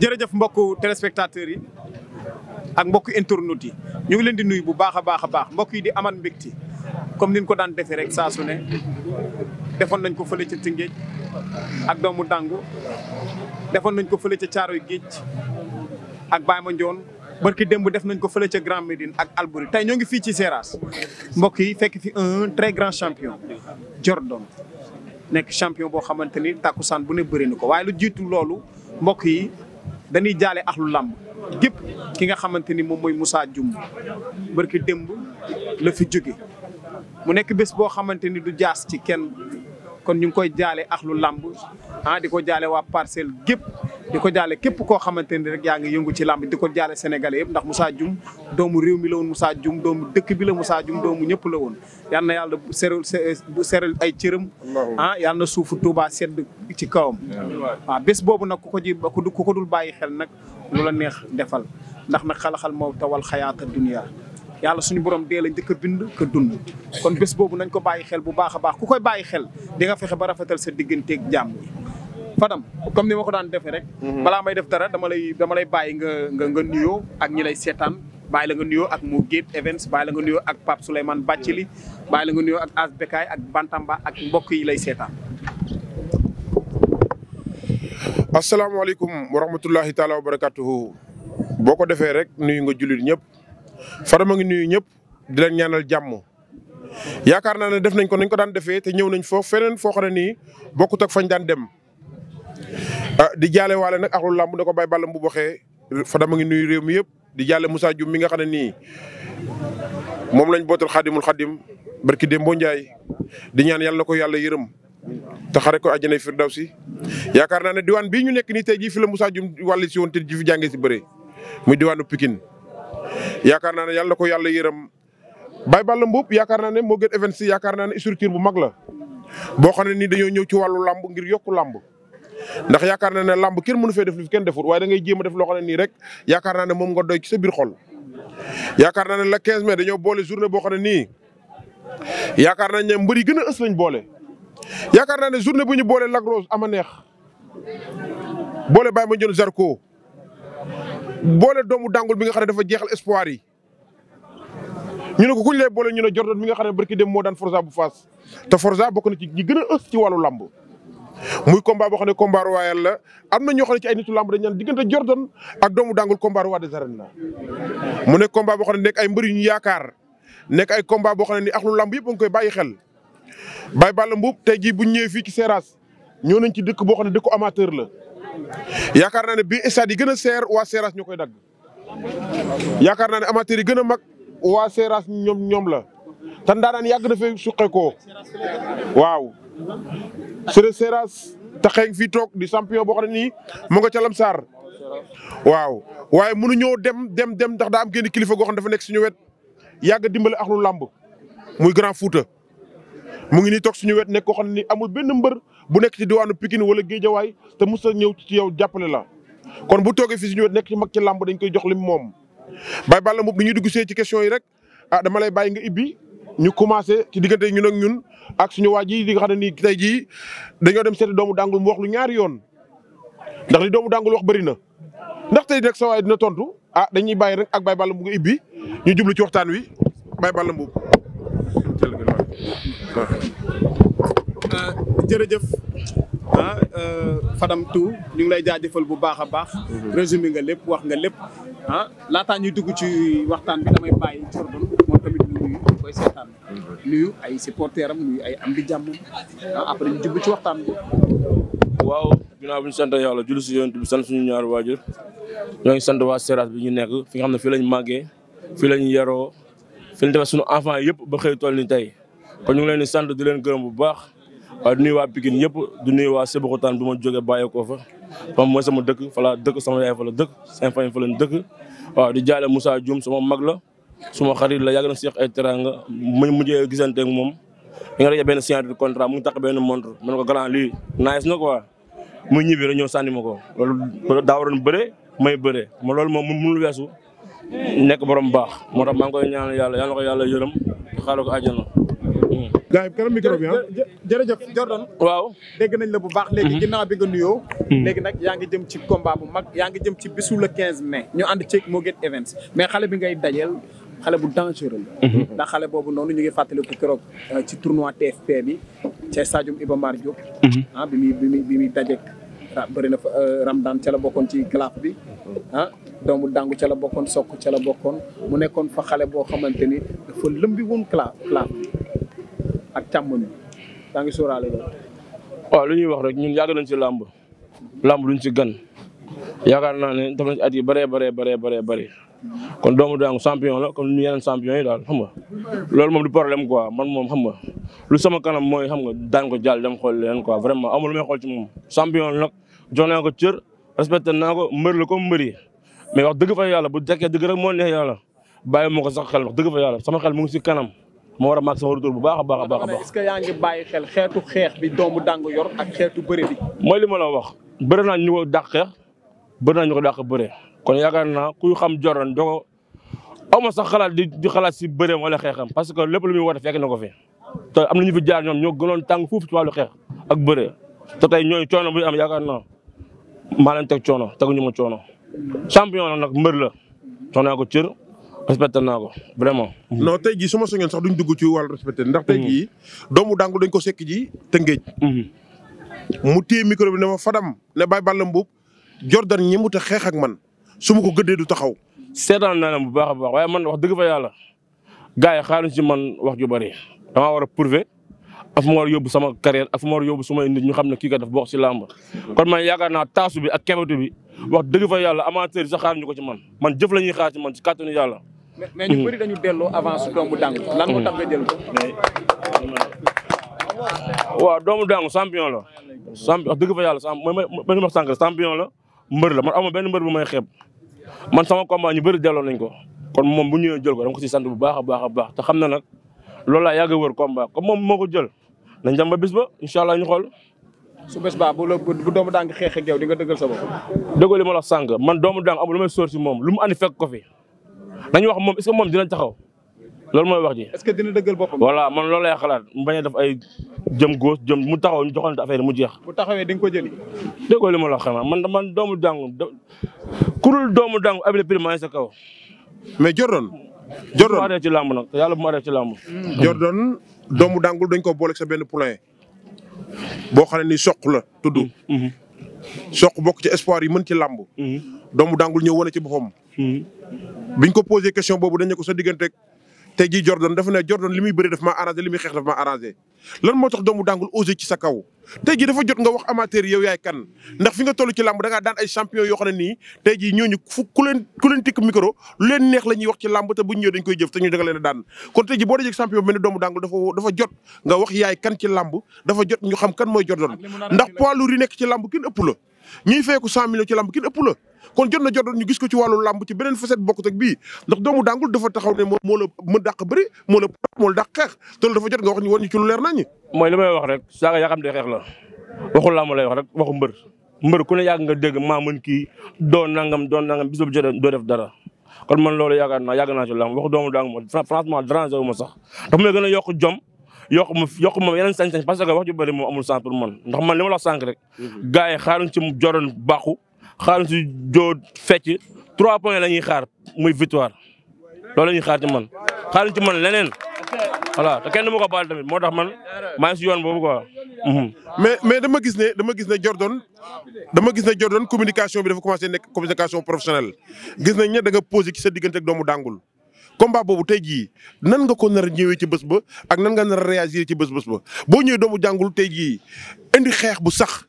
jërëjëf mbokku téléspectateurs yi ak mbokku internautes yi ñu ngi leen di nuyu bu baax a baax a baax mbokk yi di aman mbégte comme niñ ko daan defee rek saa su ne defoon nañ ko fële ca Tëngéej ak doomu dàngu defoon nañ ko fële ca yi Géej ak Baye Mandione barki demb def nañ ko fële ca Grand Médine ak Albury tey ñoo ngi fii ci Seras mbokk yi fekk fi un très grand champion Jordan nekk champion boo xamante ni tàkkusaan bu ne bëri na ko waaye lu jiitu loolu mbokk yi dañuy jaale axlu làmb gépp ki nga xamante ni moom mooy Moussa Dioum barki démb la fi jóge mu nekk bés boo xamante ni du jaas ci kenn kon ñu ngi koy jaale axlu làmb ah di ko jaale waa parcelle gépp di ko jaale képp koo xamante ni rek yaa ngi yëngu ci làmb di ko jaale sénégalais yëpp ndax musa jum doomu réew mi la woon Moussa Dioum doomu dëkk bi la Moussa Dioum doomu ñëpp la woon yal na yàlla serul serul ay cëram ah yal na suufu Touba sedd ci kawam waaw ah, bés boobu nag ku ko ji ku ko dul bàyyi xel nag lu la neex defal ndax nag xalaxal moo tawal xayaata dunia yàlla suñu borom dee la njëkk bind ka dund kon bés boobu nañ ko bàyyi xel bu baax a baax ku koy bàyyi xel dinga fexe ba rafetal sa digganteeg jàmm yi Fadam comme ni ma ko daan defee rek mhm. balaa may def dara dama lay dama lay bàyyi nga nga nga nuyoo ak ñi lay seetaan bàyyi la nga nuyoo ak mu Gates Events bàyyi la nga nuyoo ak Pape Souleymane Bathily bàyyi la nga nuyoo ak As Bekaay ak Bantamba ak mbokk yi lay seetaan asalaamaaleykum wa rahmatullahi taala wa barakatuhu boo ko defee rek nuyu nga jullit ñëpp Fadama ngi nuyu ñëpp di leen ñaanal jàmm yaakaar naa ne def nañ ko nañ ko daan defee te ñëw nañ foofu feneen foo xam ne nii bokkut ak fañ daan dem. Ah, di jaale waale nag axlu làmb da ko bàyyi bàllam bu boxee Fadama ngi nuyu réew mi yëpp di jaale Moussa Dioum mi nga xam ne nii moom lañ bootal xaadimul xaadim barki Dembo Ndiaye di ñaan yàlla na ko yàlla yërëm ta xare ko àjjanay si yaakaar naa ne diwaan bii ñu nekk nii tey jii fi la Moussa Dioum wàlli si woon te ji fi si bëre muy diwaanu Pikine yaakaar naa ne yàlla ko yàlla yërëm Baye Balla Mboup yaakaar naa ne moo gën event si yaakaar naa ne structure bu mag la boo xam ne nii dañoo ñëw ci wàllu làmb ngir yokku làmb ndax yaakaar naa ne làmb kenn mënu fee def lu fi kenn defut waaye da ngay jéem a def loo xam nii rek yaakaar naa moom nga doy ci sa xol. yaakaar naa ne la 15 mai dañoo boole journée boo xam ne nii yaakaar naa ne mbër yi gën a ës boole yaakaar naa ne journée bu ñu boole Lac Rose ama neex boole Baye Mandione Zarko boole doomu dàngul bi nga xam ne dafa jeexal espoir yi ñu ne ko kuñ lay boole ñu ne Jordan mi nga xam ne barki dem moo daan Forza bu Fass te Forza bokk na ci ñi ës ci wàllu làmb muy combat boo xam ne combat royal la am na ñoo xam ne ci ay nitu làmb dañ naan diggante Jordan ak doomu dàngul combat roi des mu nekk combat boo xam ne nekk ay mbër yu ñu yaakaar nekk ay combat boo xam ne ni axlu làmb yëpp a ngi koy bàyyi xel Baye Balla Mbuub tey jii bu ñëwee fii ci Seras ñëw nañ ci dëkk boo xam ne dëkku amateur la yaakaar naa ne bi stade yi gën seer waa Seras ñu koy dagg yaakaar naa ne amateur yi gën a mag waa Seras ñoom ñoom la te ndaanaan yàgg na fee suqeekoo waaw. Sëriñ Seras taxee fii toog di champion boo xam ne nii mu nga calam Lamsaar waaw waaye mënuñoo dem dem dem ndax daa am génn kilifa goo xam ne dafa nekk suñu wet yàgg dimbale ak lu làmb muy Grand Fouta. mu ngi nii toog suñu wet nekk koo xam ne amul benn mbër bu nekk ci diwaanu Pikine wala Géejawaay te mos a ñëw ci yow jàppale la kon bu toogee fii suñu wet nekk ci mag ci làmb dañ koy jox lim moom. Baye Balla moom du ñu dugg see ci question rek ah bàyyi nga ibbi ñu commencé ci diggante ñun ak ñun ak suñu waa ji li nga xam ne nii tey jii dañoo dem seeti doomu dàngul mu wax lu ñaari yoon ndax li doomu dàngul wax bëri na ndax tey nag sa dina tontu ah dañuy bàyyi rek ak Baye Balla mu ngi ibbi ñu jublu ci waxtaan wi Baye Balla Mbuub Euh, jërëjëf ah euh, Fadam tu ñu ngi lay jaajëfal bu baax a baax. Mhm. résumé nga lépp wax nga lépp ah laataa ñuy dugg ci waxtaan bi damay bàyyi Jordan moom tamit mhm. nuyu ay am nuyu di jàmm ah après ñu jublu ci waxtaan bi. waaw ginnaaw bi ñu sant yàlla julli si yoon bi sant suñu ñaar waajur ñoo ngi sant waa Seras bi ñu nekk fi nga xam ne fii lañu màggee fii lañ yaroo fi lañ defee suñu enfant yëpp ba xëy toll ni tey. ko ñu ngi leen di sant di leen gërëm bu baax di nuyu waa Pikine ñëpp di nuyu waa Sébikotane bu ma jógee bàyyeekoo fa moom mooy sama dëkk fa laa dëkk sama yaay fa la dëkk seen fay fa la dëkk waaw di jaale Moussa Dioum sama mag la suma xarit la yàgg na si ay teranga mu mujjee gisante ak moom di nga dajee benn signature contrat mu ngi takk benn montre man ko grand lii nice na ko quoi muy ñibbi rek ñëw sànni ma ko loolu daa waroon bëre may bëre ma loolu moom mënul weesu nekk borom baax moo tax maa ngi koy ñaanal yàlla yàlla na ko yàlla yërëm xaaral ko àjjana gaa yi kanam micro bi ah. jërëjëf Jordan. waaw dégg nañ la bu baax. léegi mm-hmm. ginnaaw bi nga nuyoo. Mm-hmm. léegi nag yaa ngi jëm ci combat bu mag yaa ngi jëm ci bisu le 15 mai. ñu ànd ci moo gën events mais xale bi ngay dajeel xale bu dangereux la. Mm-hmm. ndax xale boobu noonu ñu ngi fàttaliku keroog euh, ci tournoi TFP bi ca stadium Iba Mar Diop. ah bi mi bi muy bi muy dajeeg ah, bëri na fa euh, Ramdan ca la bokkoon ci claf bi ah. doomu dàngu ca la bokkoon sokk ca la bokkoon mu nekkoon fa xale boo xamante ni dafa lëmbi woon claf claf bi ak càmmoñ bi ngi sóoraale lu ñuy wax rek ñun yàgg nañ ci làmb làmb luñ ci gan yaakaar naa ne def nañ ci at bare bëree bare bare bëree bëri kon doomu daangu champion la comme ñu yeneen champion yi daal xam nga loolu moom du problème quoi man moom xam nga lu sama kanam mooy xam nga daan ko jàll dem xool leen quoi vraiment amul lu may xool ci moom champion la nag naa ko cër respecté naa ko mbër la ko mbër yi mais wax dëgg fa yàlla bu dekkee dëgg rek moo neex yàlla bàyyi ma ko sax xel wax dëgg fa yàlla sama xel mu ngi si kanam moo war a màgg sama retour bu baax a baax a baax. est ce que yaa ngi bàyyi xel xeetu xeex bi doomu dàngu yor ak xeetu bëre bi. mooy li ma la wax bëri naa ñu ko dàq xeex bëri naa ñu ko dàq bëre kon yaakaar naa kuy xam Jordan doo ko aw ma sax xalaat di di xalaat si bëreem wala xeexam parce que lépp lu muy war a fekk na ko fi te am na ñu fi jaar ñoom ñoo gënoon tàng fuuf ci wàllu xeex ak bëre te tey ñooy coono bu ñu am yaakaar naa maa leen teg coono teguñu ma coono champion nag mbër la jox naa ko cër respecté naa ko vraiment. non tey jii suma ma soñoon sax duñ dugg ci wàllu respecté ndax te jii doomu Dangu dañ ko sekk ji Tëngéej. Mhm. mu téye micro bi ne ma Fadam ne Baye Balla Mbuub Jordan ñemut a xeex ak man su ma ko gëddee du taxaw. seetaan naa leen bu baax a baax waaye man wax dëgg fa yàlla gaa yi xaaruñ ci man wax ju bëri damaa war a prouver ak ma war a yóbbu sama carrière ak ma nit ñu xam ne kii kat daf bokk ci làmb kon man yaakaar naa taasu bi ak kebetu bi wax dëgg fa yàlla amateur sax xaaruñu ko ci man man jëf la ñuy xaar ci man ci kàttanu yàlla mais ñu bëri dañu delloo avance doomu dàngu lan moo tax nga jël ko. waaw doomu dàngu champion la. champion wax dëgg fa yàlla champ mooy mooy ma sànq champion la mbër la man amul benn mbër bu may xeeb man sama combat ñu bëri delloo nañ ko. kon moom bu ñëwee jël ko dama ko ci sant bu baax a baax a baax te xam na nag loolu laa yàgg a wër combat comme moom moo ko jël nañ dem a bis ba incha allah ñu xool. su bés baa bu bu doomu dàng xeexee ak di nga dëggal sa bopp. dëggal li ma la sànq man doomu dàng amul lu may sóor ci moom lu mu andi fekk ko fi. nañu wax moom est ce que moom dina taxaw loolu mooy wax ji. est ce que dina dëggal boppam. voilà man loolu lay xalaat mu bañ a def ay jëm góos jëm mu taxaw ñu joxante affaire mu jeex. bu taxawee di ko jëli. déggoo li ma la xamal man man doomu dàngu kurul doomu dàngu abile primaire sa kaw. mais Jordan. Jordan bu ma ci làmb nag yàlla bu ma ci làmb. Jordan doomu dàngul dañ ko boole sa benn poulain boo xam ne ni soq la tudd. Mm-hmm. Mm-hmm. soq bokk ci espoir yi mën ci làmb. Mm-hmm. doomu dangul ñëw wane ci boppam. biñ ko posé question boobu dañ ne ko sa diggante tey jii Jordan dafa ne Jordan li muy bëri daf maa arrangé li muy xeex daf maa arrangé lan moo tax doomu dangul osé ci sa kaw tey dafa jot nga wax amateur yow yaay kan ndax fi nga toll ci làmb da ngaa daan ay champion yoo xam jii ñooñu fu ku leen ku leen tikk micro lu leen neex la te bu ñu te ñu a daan kon tey jii boo dajee champion mel ni doomu dangul dafa dafa jot nga wax yaay kan ci jot ñu xam kan mooy Jordan ndax poids lourd yi nekk ci làmb kenn ëpp la ñuy ëpp la kon jot na jot ñu gis ko ci wàllu làmb ci beneen facette bokkut ak bii ndax doomu daangul dafa taxaw ne moo la mën dàq bëri moo la moo xeex te loolu wax ñu war ñu mooy li wax rek saaga yaa xam xeex la waxul làmb lay wax rek waxu mbër mbër ku ne yàgg nga dégg maa mën kii doo nangam doo nangam bis bu jotee doo def dara kon man loolu yaakaar naa naa ci làmb waxu doomu daangu ma franchement déranger wu ma sax dafa may gën a yokk jom yokk ma yokk ma yeneen sañ-sañ parce que wax ju bëri amul sens pour man ndax man li ma la wax sànq rek mm-hmm. gars ci joroon baaxu xaaruñ si joo fecc trois points la ñuy xaar muy victoire loolu la ñuy xaar ci man xaaruñ ci man leneen voilà te kenn du ma ko baal tamit moo tax man maa ngi yoon boobu quoi. Mhm. mais mais dama gis ne dama gis ne Jordan dama gis ne Jordan communication bi dafa commencé nekk communication professionnelle gis nañ ne da ci sa diggante ak doomu dàngul combat boobu tey jii nan nga ko nar a ci bés ba ak nan nga nar a réagir ci bés bés ba boo ñëwee doomu jàngul tey jii indi xeex bu sax.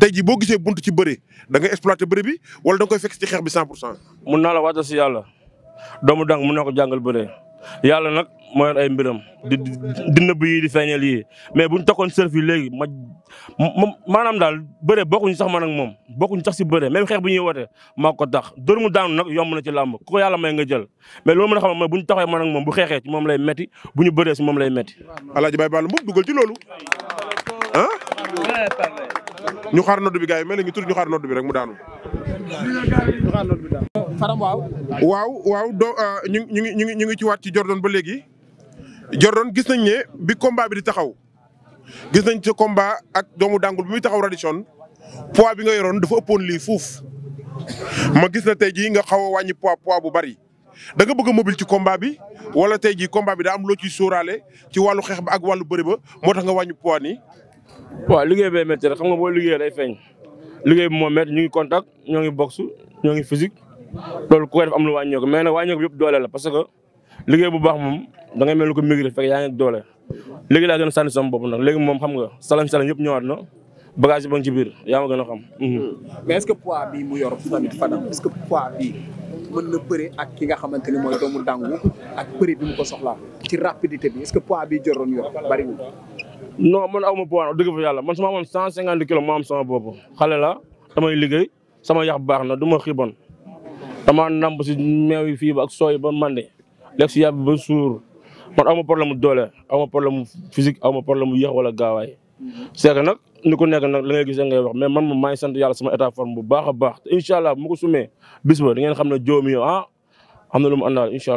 tey ji boo gisee bunt ci bëri da ngay exploité bëri bi wala da nga koy fekk ci xeex bi 100 pour cent. mun naa la waajal si yàlla doomu dang mun naa ko jàngal bëree yàlla nag moo yor ay mbiram di di nëbb yi di feeñal yi mais buñ tokkoon surf yi léegi ma maanaam daal bëre bokkuñ sax man ak moom bokkuñ sax si bëre même xeex bu ñuy woote maa ko tax dóor mu daanu nag yomb na ci làmb ku ko yàlla may nga jël mais loolu mën a xam mooy buñ taxee man ak moom bu xeexee ci moom lay metti bu ñu bëree si moom lay metti alaaji Baye Ball moom dugal ci loolu ah? ñu xaar nodd bi gars yi mel ni ñu tudd ñu xaar nodd bi rek mu daanu. waaw. waaw waaw ah, ñu ngi ñu ngi ci waat ci Jordan ba léegi. Jordan gis nañ ne bi combat bi di taxaw gis nañ ci combat ak doomu dàngul bi muy taxaw Radisson poids bi nga yoroon dafa ëppoon lii fuuf. ma gis na tey jii nga xaw a wàññi poids bu bari danga nga bëgg a ci combat bi wala tey jii combat bi daa am loo ciy sóoraale ci wàllu xeex ba ak wàllu bari ba moo tax nga wàññi poids nii waaw liggéey bee métti rek xam nga boo liggéey day feeñ liggéey bi moo métti ñu ngi contact ñoo ngi boxe ñoo ngi physique loolu ku koy def am lu wàññeeku mais nag wàññeeku bi yëpp doole la parce que liggéey bu baax moom da ngay mel ni ko migré fekk yaa ngi doole léegi laa gën a sànni sama bopp nag léegi moom xam nga salañ salañ yëpp ñëwaat na bagage ba nga ci biir yaa ma gën xam. Mhm. mais est-ce que poids bi mu yor tamit Fadam est bi mën na ak ki nga xamante ni mooy doomu dàngu ak bëre bi mu ko soxlaa ci rapidité bi est-ce que poids bi joroon yor bariwul non man aw ma poids wax dëgg fa yàlla man su ma amoon cent cinquante kilos ma am sama bopp xale la damay liggéey sama yax baax na du ma xiibon dama namb si meew yi fii ba ak sooy ba mande lekk si yàpp ba suur man aw ma problème mu doole aw ma problème mu physique aw ma problème mu yéex wala gaawaay c'est que nag ni ku nekk nag la ngay gis ngay wax mais man moom maa ngi sant yàlla sama état forme bu baax a baax te incha allah mu ko sumee bis ba ngeen xam ne joomi yow ah am na lu mu àndaal incha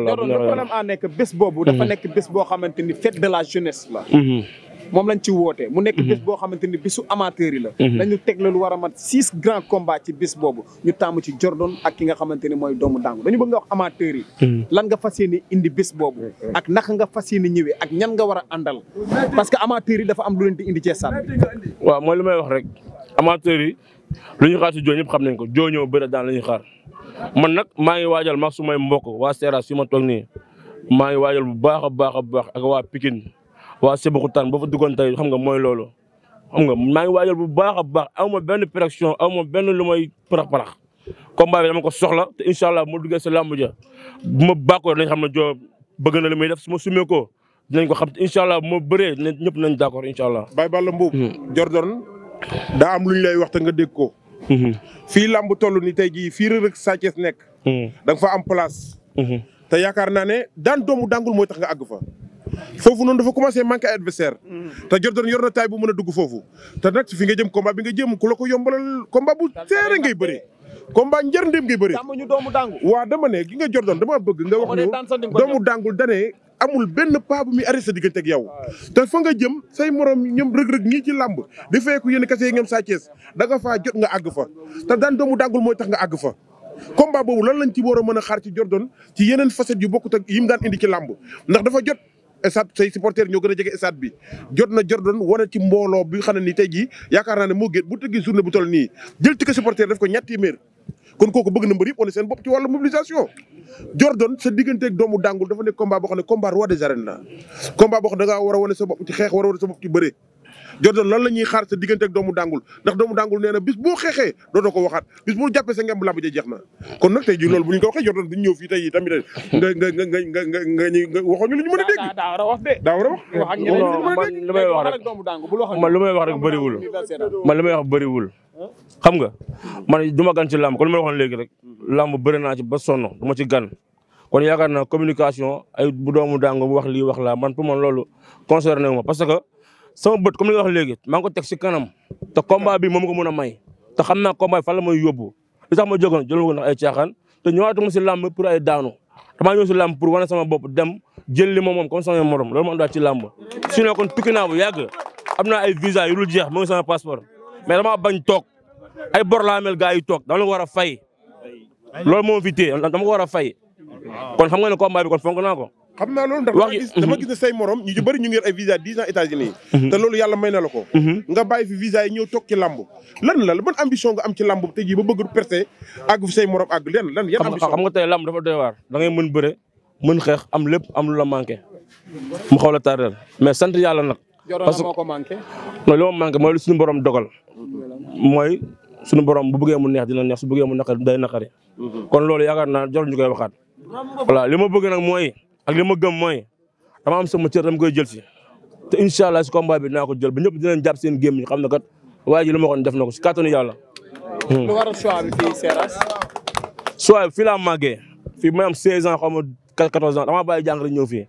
nekk bés boobu. dafa mhm. nekk boo xamante ni la jeunesse mhm. moom lañ ci woote. mu nekk mhm. bis boo xamante ni bisu amateur yi la. dañu mhm. teg la lu war a mat six grands combats ci bis boobu ñu taamu ci Jordan ak ki nga xamante ni mooy doomu dàngu dañu bëgg nga wax amateur yi. Mhm. lan nga fas yéene indi bis boobu. ak naka nga fas yéene ñëwee ak ñan nga war a àndal. parce que amateur dafa am lu leen di indi ci stade bi. waaw mooy li may wax rek amateur yi lu ñu xaar si joo ñëpp xam nañ ko joo ñëw bëre daan la ñuy xaar man nag maa ngi waajal ma sumay mbokk waa seera fi ma toog nii maa ngi waajal bu baax a baax a baax ak waa Pikine waa Sébikotane boo fa duggoon tey xam nga mooy loolu. xam nga maa ngi waajal bu baax a baax aw ma benn pression aw ma benn lu may parax parax combat bi dama ko soxla te incha allah mu duggee sa làmb ja bu ma bàkkoo dinañ xam ne bëgg na li muy def su ma sumee ko dinañ ko xam te incha allah bu ma bëree ñëpp nañ d' accord incha allah. Baye Balla Mbuub. Hmm. Jordan daa am lay wax te nga dégg ko. Hmm. fii làmb toll ni tey jii fii rek Sa Thiès nekk. Hmm. da nga fa am place. te yaakaar naa ne daan doomu dangul mooy tax nga àgg fa. foofu noonu dafa commencé manqué adversaire te Jordan yor na taay bu mën a dugg foofu te nag fi nga jëm combat bi nga jëm ku la ko yombalal combat bu seere ngay bëree combat njër ndim ngay bëree ñu doomu dàngu waaw dama ne gi nga Jordan dama bëgg nga wax ñu doomu dàngul danee amul benn paa bu muy arrêté diggante yow te fa nga jëm say morom ñoom rëg-rëg ñii ci làmb di feeku yéen kase yi ñoom Sa Thiès da nga faa jot nga àgg fa te daan doomu dàngul tax nga àgg fa combat boobu lan lañ ci war mën a xaar ci Jordan ci yeneen facettes yu bokkut ak yim daan indi ci lamb ndax dafa jot stade say supporters ñoo gën a jege stade bi jot na Jordan wane ci mbooloo bi xam ne nii tey jii yaakaar naa ne moo gën bu tëggee journée bu toll nii jël ci ko supporter def ko ñetti kon kooku bëgg na mbër yëpp wane seen bopp ci wàllu mobilisation. Jordan sa digganteeg doomu dàngul dafa nekk combat boo xam ne combat roi des arènes la combat boo xam ne da war a sa bopp ci xeex war a wane sa bopp ci bëre. Jordan loolu la ñuy xaar sa diggante ak doomu dàngul ndax doomu dàngul nee na bis boo xeexee dootoo ko waxaat bis boo jàppee sa ngemb làmb ja a dégg daa a wax de daa war a wax man lu may wax rek man may wax rek bëriwul man lu may wax bëriwul xam nga man du gan ci làmb kon lu may waxoon léegi rek làmb bëri naa ci ba sonn du ma ci gan kon yaakaar naa communication ay bu doomu dàngu bu wax lii wax laa man pour man loolu concerné wu ma parce que sama bët comme li nga wax léegi maa ngi ko teg si kanam te combat bi moom ko mën a may te xam naa combat bi fan la may yóbbu sax ma jógoon jël ma ko ndax ay caaxaan te ñëwaatuma si làmb pour ay daanu damaa ñëw si làmb pour sama bopp dem jël li ma moom comme sama morom loolu ma andaat ci làmb sinon kon tukki naa bu yàgg am naa ay visa yu dul jeex moo ngi sama passeport mais damaa bañ toog ay bor laa mel gars yi toog dama la ko war a fay loolu moo fi téye dama ko war a fay kon xam nga ne combat bi kon fonk naa ko xam naa loolu ndax dama mhm. gis ne say morom ñu ci mhm. may na la ko mhm. nga bàyyi fi visa yi ñëw toog ci làmb lan la te ji ba bëgg percé àgg fi say morom àgg lan lan yan ambition xam nga tey làmb dafa doy waar mën bëre mën xeex am lépp am lu la manqué mu xaw la tardel mais sant yàlla nag parce que moo ko manqué non li ma manqué mooy suñu borom dogal mooy suñu borom bu bëggee mu neex dina neex su bëggee mu naqari day naqari kon loolu yaakaar naa jor ñu koy waxaat voilà li ma bëgg nag mooy ak li ma gëm mooy dama am sama cër dama koy jël si te incha allah si combat bi naa ko jël ba ñëpp dinañ jàpp seen gémmiñ xam ne kat waaye ji lu ma def na ko si kàttanu yàlla. Hmm. lu waral choix bi fii laa màggee fii ma am 16 ans xaw ma 14 ans damaa bàyyi jàng ñëw fii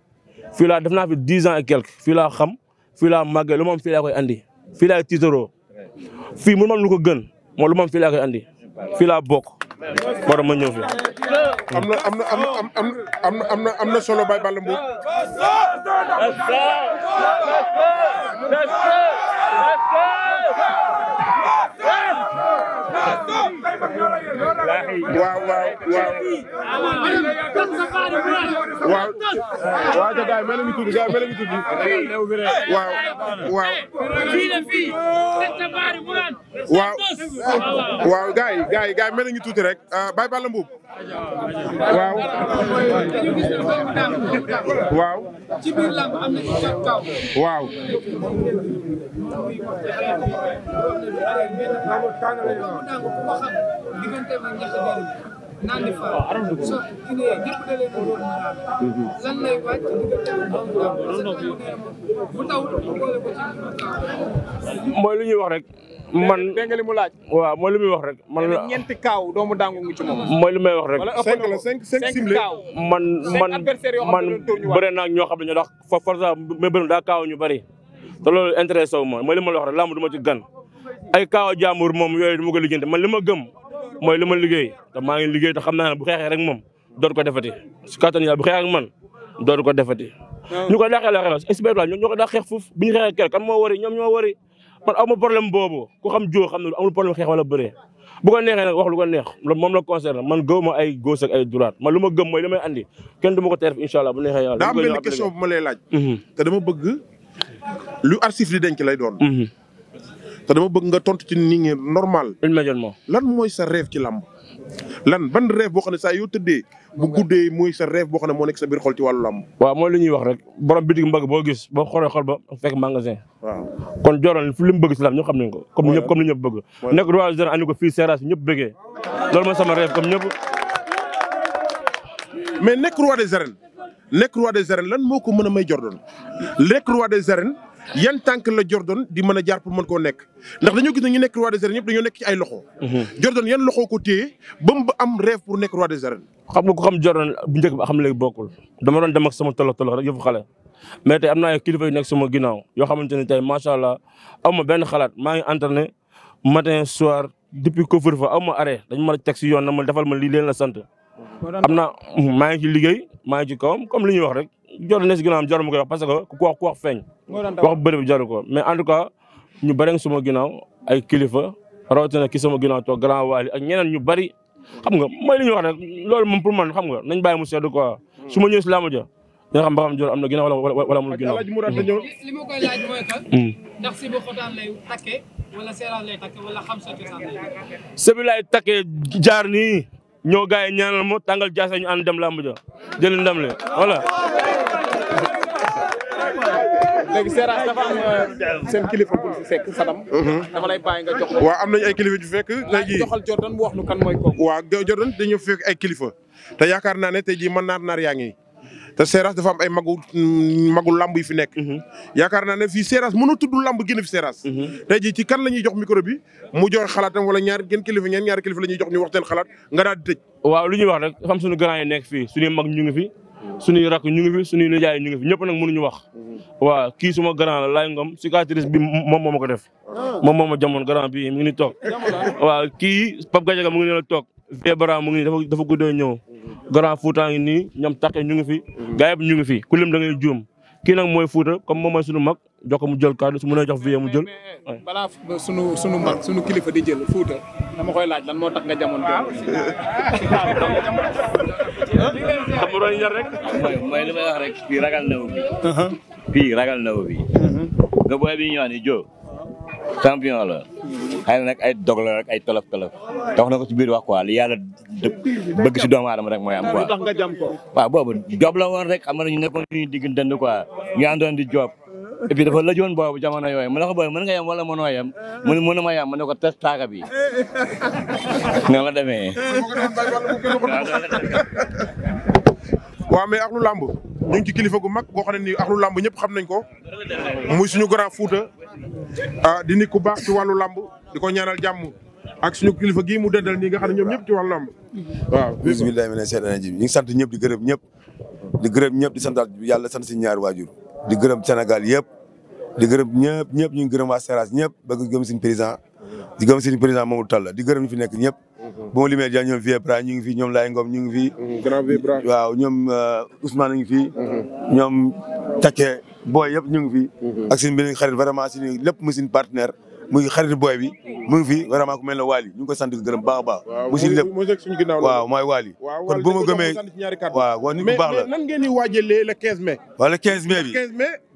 fii laa def naa fi 10 ans et quelque fii laa xam fii laa màggee lu ma am fii laa fii laa tiitaroo fii mu ma lu ko gën moom lu laa koy andi fii laa bokk. moo tax ma ñëw fi. am na solo Baye Balla Mbuub. waaw waaw waaw. waaw. waaw te gars yi mel na ñu tudd gars yi mel na ñu tudd. waaw waaw. waaw waaw gars yi gars yi gars yi mel na ñu rek ah, Baye waaw. waaw. waaw. mooy lu ñuy wax rek man dégg nga li mu laaj. waaw mooy li muy wax rek. man la ñeenti kaaw doomu daangu ngi ci moom. mooy li may wax rek. cinq la cinq ñoo xam ne ñoo tax forza mais ñu bëri. te loolu intéressé wu ma mooy ma wax rek làmb du ma ci gan. ay ma ko ma gëm mooy li liggéey te maa ngi liggéey te xam naa ne bu xeexee rek moom dootu ko defati su kattan yàlla bu xeexee ak man dootu ah. xeex expert la xeexee keroog kan moo wari ñoom ñoo wari man aw ma problème boobu ku xam joo xam ne amul problème xeex wala bëree bu a neexee nag wax lu ko neex moom la concerne man gëw ma ay gauche ay droite man lu ma gëm mooy li may andi kenn du ma ko teer incha allah bu neexee yàlla. laaj. Mm-hmm. te dama bëgg lu archive di denc lay doon. Mm-hmm. te dama bëgg nga tontu ci nii ngeen normal. immédiatement lan mooy sa rêve ci làmb lan ban rêve boo xam ne saa yoo tëddee. bu guddee muy sa rêve boo xam ne moo nekk sa biir xol ci wàllu làmb waaw mooy lu ñuy wax rek borom bitig mbagg boo gis boo xoolee xol ba fekk magasin waaw kon jooroon fi li mu bëgg si làmb ñoo xam nañ ko comme ñëpp comme ni ñëpp bëgg nekk roi des arènes andi ko fii seeraas ñëpp bëggee loolu mooy sama rêve comme ñëpp mais nekk roi de arènes nekk roi des arènes lan moo ko mën a may Jordan nekk roi de arènes yan tànk la Jordan di mën a jaar pour man koo nekk ndax dañoo gis ne nekk roi des arènes ñëpp dañoo nekk ci ay loxo. Mhm. Jordan yan loxo ko téye ba mu am rêve pour nekk roi des arènes. xam nga ko xam Jordan bu njëkk ba xam léegi bokkul dama doon dem ak sama tolox tolox rek yëfu xale mais tey am na ay kilifa nekk sama ginnaaw yoo xamante ne tey macha allah aw ma benn xalaat maa ngi entraîné matin soir depuis couvre fa aw ma arrêt dañ ma teg si yoon na ma defal ma lii leen la sant. am na maa ngi ci liggéey maa ngi ci kawam comme li ñuy wax rek. jor ne si ginnaawam jor ma koy wax parce que ku wax ku wax feeñ. wax bëri bi jaru ko mais en tout cas ñu bëri nga suma ginnaaw ay kilifa rawatina ki sama ginnaaw toog grand waali ak ñeneen ñu bëri. xam nga mooy li ñu wax rek loolu moom pour man xam nga nañ bàyyi mu sedd quoi hmm. su ma ñëwee si laamu ja dina xam ba xam jor am na ginnaaw wala wala amul ginnaaw. Hmm. li ma koy laaj mooy kan. Hmm. ndax si bu xotaan lay takkee wala seeraan lay takkee wala xam sa cosaan lay takkee. sëbi laay takkee jaar nii. ñoo ga yi ñaanal moo tàngal jaasa ñu ànd dem làmb ja jël ndam le voilà. léegi euh, seen kilifa bu fi fekk Sadam. Mhm. dama lay bàyyi nga jox waaw am nañu ay kilifa ju fekk. tey jii joxal Jordan mu wax nu kan mooy kooku. waaw Jordan dañu fekk ay kilifa te yaakaar naa ne tey jii mën naar naar yaa ngi. te Seras dafa am ay magu mm, magu lamb yu fi nekk. Mhm. yaakaar naa ne fii Seras mën a tudd lamb génn fi Seras. Mhm. tey jii kan la ñuy jox micro bi mu joxe xalaatam wala ñaar gën kilifa ñeen ñaari kilifa la jox ñu wax seen xalaat nga daal di tëj. waaw lu ñuy wax rek dafa am suñu yi nekk fii suñuy mag ñu ngi fi. rakk ñu ngi fi suñuy nijaay ñu ngi ñëpp nag mënuñu wax. Mhm. waaw kii suma grand la Laye Ngom cicatrice bi moom moo ma ko def. Ah. moom moo ma jamoon grand bi mi ngi ni toog. waaw kii mu ngi ne toog Viebara mu ngi nii dafa dafa guddee ñëw Grand Fouta ngi nii ñoom taqe ñu ngi fi gars yëpp ñu ngi fi ku lim da ngay juum kii nag mooy Fouta comme moom mooy suñu mag jox mu jël kàddu su mënee jox vie mu jël balaa sunu sunu mag sunu kilifa di jël Fouta dama koy laaj lan moo tax nga jamono dama doon yar rek mooy ragal na wu bi uh-huh. ragal na wu uh-huh. nga booy bi ñëwaat ni champion la xëy ay dog la rek ay tolof tolof te wax na ko ci biir wax quoi yàlla bëgg si doomu aadama rek mooy am quoi. tax nga jam ko. waaw boobu job la woon rek am na ñu nekkoon suñu digg dënd quoi ñu àndoon di job et puis dafa lëjoon boobu jamono yooyu mu ne ko booy mën nga yem wala mënoo yem mu ne mënuma yem mu ne ko tes taaga bi noonu la demee. waaw mais ak lu làmb ñu ngi kilifa gu mag goo xam ak lu làmb ñëpp xam nañ ko muy Ah, di nit ku baax ci wàllu lamb di ko ñaanal jàmm ak suñu kilifa gii mu dendal nii nga xam ne ñoom ñëpp ci wàllu lamb. waaw bismillahi mina shaytaani ji ñu ngi sant ñëpp di gërëm ñëpp di gërëm ñëpp di santaat yàlla sant si ñaari waajur di gërëm Sénégal yëpp di gërëm ñëpp ñëpp ñu ngi gërëm waa Seras ñëpp ba gëm suñu président di gëm suñu président Talla di gërëm ñu fi nekk ñëpp bu ma limee ja ñoom Vieux Bra ñu ngi fi ñoom Laye Ngom ñu ngi fi. Mhm. grand Vieux Bra waaw ñoom euh, Ousmane ngi fi. Mhm. ñoom Take booy yëpp ñu ngi fi. Mhm. ak suñu beneen xarit vraiment suñu lépp mu suñu partenaire. muy xarit booy bi mu ngi fi vraiment ku mel ne Waly ñu ngi ko sant gërëm baax a baax. mu si lépp waaw mooy Waly. kon bu ma gëmee waaw waaw nit ku baax la. mais nan ngeen di waajalee le 15 mai. mai bi.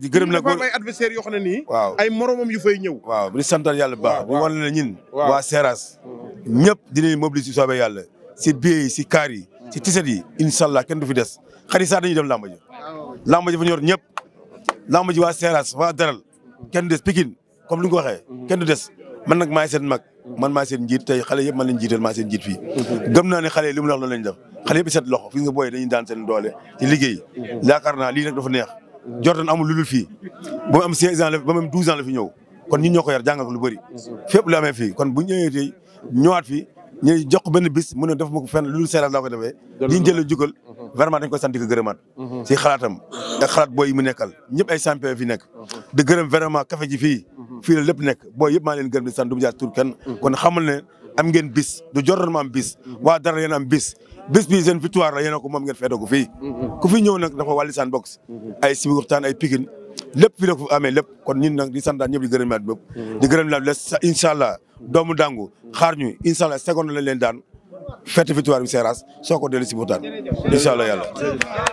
di gërëm nag ay adversaires yoo xam ne nii. waaw ay moromam yu fay ñëw. waaw di santal yàlla bu baax. waaw wan na ñin. waa Seras. ñëpp dinañ mobiliser soobee yàlla si biir si kaar yi si tiset yi incha allah kenn du fi des xarit sax dañuy dem làmb ji. làmb ji fa ñor ñëpp làmb ji waa Seras waa Daral kenn des Pikine comme li nga waxee mhm. kenn du des man nag maay seen mag man maay seen njiit tey xale yëpp man lañ jiital maa seen njiit fii mhm. gëm ne xale yi li mu xale yëpp set loxo fi nga booyee dañuy daan seen doole ci liggéey mhm. yaakaar naa lii nag dafa neex Jordan amul lu dul fii ba mu am seize ans la ba même douze fi ñëw kon ñun ñoo ko yar jàngal ko lu bëri fépp la amee fii kon bu ñëwee tey ñëwaat fii ñuy jox benn bis mu ne def ma ko fenn lu seeraat laa koy defee li ñu jëlee jugal mhm. vraiment dañ koy sant di ko gërëmaat mhm. si xalaatam booy mu nekkal ñëpp ay champion fi nekk mhm. di gërëm vraiment café ji fii fii la lépp nekk booy yëpp maa leen gërëm di sant du mu jaar kenn kon xamal ne am ngeen bis du jordoon ma am bis waa dara yéen am bis bis bi seen victoire la yéen a ko moom ngeen feetoo ko fii ku fi ñëw nag dafa wàlli saan box ay Sibikotaan lépp fi la amee lépp kon ñun nag di sant daal ñëpp di gërëm daal ñëpp. di gërëm daal incha allah doomu dangu xaar ñu incha allah la leen daan fête victoire bi Seras soo ko dellu si butaan incha allah yàlla.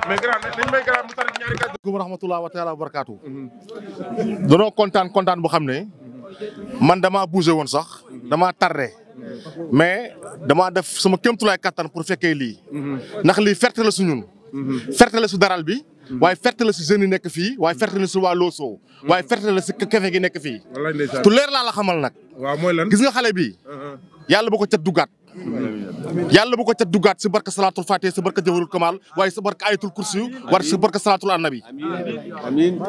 mais grand dañ mu tarit ñaari kàddu. rahmatullah wa taala kontaan kontaan bu xam ne man damaa bougé woon sax damaa tardé. mais damaa def sama kéemtulaay kattan pour fekkee lii. ndax lii ferte la su ñun. ferte su daral bi. Mm-hmm. waaye ferte la si jeunes yi nekk fii waaye ferte la si waa Loso. Mm-hmm. waaye ferte la si kefe gi nekk fii. tu leer laa la xamal nag. mooy lan gis nga xale bi uh-huh. yàlla bu ko cat duggaat. yàlla bu ko cat duggaat si barka salaatul faatee si barka jawharul kamal waaye si barka ayatul kursiyu war si barka salaatul annabi.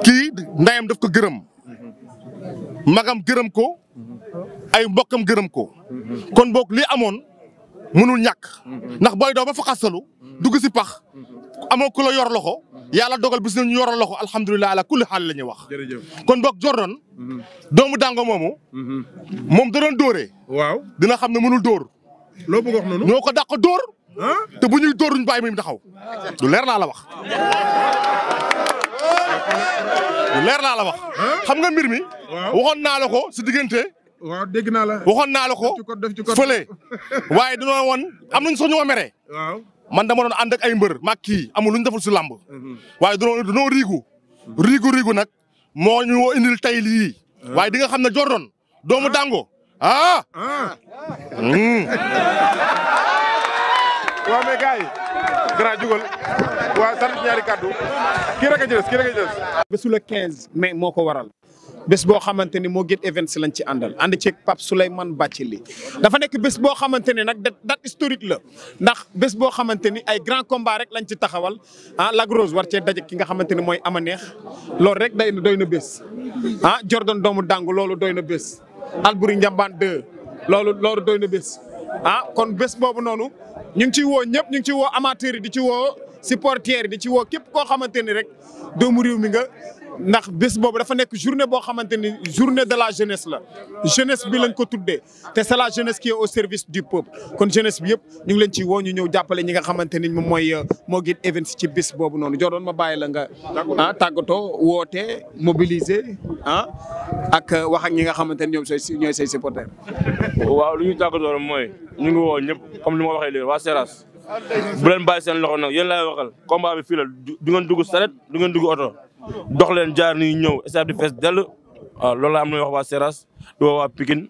kii ndayam daf ko gërëm. magam gërëm ko. Mm-hmm. ay mbokkam gërëm ko. kon boog li amoon. mënul ñàkk mm-hmm. ndax booy doo ba fa xasalu mm-hmm. dugg si pax mm-hmm. amoo ku la yor loxo yàlla dogal bis nañu yor loxo alhamdulilah ala kulli xaal la ñuy wax. kon boog Jordan. doomu Dango moomu. moom da doon dóoree. dina xam ne mënul dóor. loo bëgg wax ñoo ko dàq dóor. te bu ñuy dóor duñ bàyyi muy taxaw. du leer laa la wax. du leer laa la wax. xam nga mbir mi. waxoon naa la ko si diggante. waaw dégg naa la waxoon naa la ko fële waaye dañoo woon am nañ sax ñu mere. man dama doon ànd ak ay mbër mag kii amul lu ñu deful si làmb. Mhm. waaye dañoo dañoo riigu. riigu riigu nag moo ñu indil tey lii. Ah. waaye di nga xam ne Jordan doomu ah. Dango ah. ah. Mm. waaw mais gars yi. dara jugal waaw sant ñaari kàddu kii rek a kii rek a jëles. moo ko waral. bés boo xamante ni moo gét events lañ ci àndal ànd ceeg Pape Souleymane Bathily dafa nekk bés boo xamante ni nag date historique la ndax bés boo xamante ni ay grand combat rek lañ ci taxawal ah Lac Rose war cee daje ki nga xamante ni mooy ama neex loolu rek day doy na bés ah Jordan doomu dàngu loolu doy na bés Alboury Njambaan 2 loolu loolu doy na bés ah kon bés boobu noonu ñu ngi ciy woo ñëpp ñu ngi ciy woo amateur di ci woo supporters di ci woo képp koo xamante ni rek doomu réew mi nga ndax bés boobu dafa nekk journée boo xamante ni journée de la jeunesse la jeunesse bi lañ ko tuddee te c'est la jeunesse qui au service du peuple kon jeunesse bi yëpp ñu ngi leen ci woo ñu ñëw jàppale ñi nga xamante ni moom mooy euh, moo gën events ci bés boobu noonu jodoon ma bàyyi la nga ah tàggatoo woote mobiliser ah ak euh, wax ak ñi nga xamante ni ñoom say ñooy say supporters. waaw lu ñu tàggatoo mooy ñu ngi woo ñëpp comme nu ma waxee léegi waa Seras bu leen bàyyi seen loxo na yéen laay waxal combat du ngeen dugg saret du ngeen dugg oto. dox leen jaar ni ñëw stade di fees dell waaw loolu la am na wax waa Seras di woo waa Pikine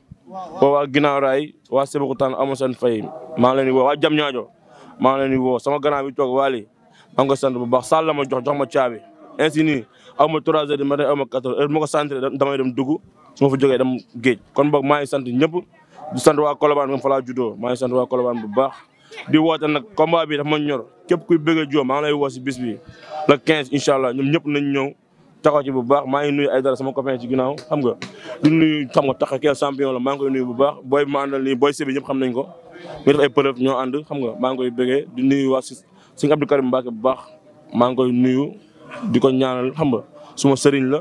woo waa Ginnaaw Raay waa Sébikotane amoo seen fay maa ngi leen di woo waa Diamniadio maa ngi leen di woo sama grand bi toog waali ma ngi ko bu baax sàll la ma jox jox ma caabi ainsi nii aw ma 3 heures du aw ma 4 heures heure ma ko centré damay dem dugg su ma fa jógee dem géej kon boog maa ngi sant ñëpp di waa Colobane moom fa laa juddoo maa ngi sant waa Colobane bu baax di woote nag combat bi dafa ma ñor képp kuy bëgg a maa ngi lay woo si bis bi le 15 incha allah ñoom ñëpp nañ ñëw taxaw ci bu baax maa ngi nuyu ay sama copain ci ginnaaw xam nga di nuyu xam nga taxaw keel maa ngi koy nuyu bu baax booy bi ma àndal nii booy sébi ñëpp xam nañ ko nga def ay preuve ñoo ànd xam nga maa ngi koy bëggee di nuyu waa si sëñ Abdou Karim Mbacke bu baax maa ngi koy nuyu di ko ñaanal xam nga suma sëriñ la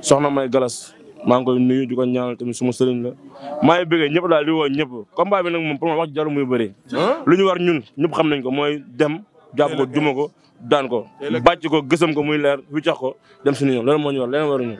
soxna may galas maa ngi koy nuyu di ko ñaanal tamit suma sëriñ la maa ngi bëggee ñëpp daal di woo ñëpp combat bi nag moom pour ma wax jaru muy bëri ah? lu ñu war ñun ñëpp xam nañ ko mooy dem jàpp ko juma ko daan ko bàcc ko gësëm ko muy leer wiccax ko dem suñu yoon loolu moo ñu war leneen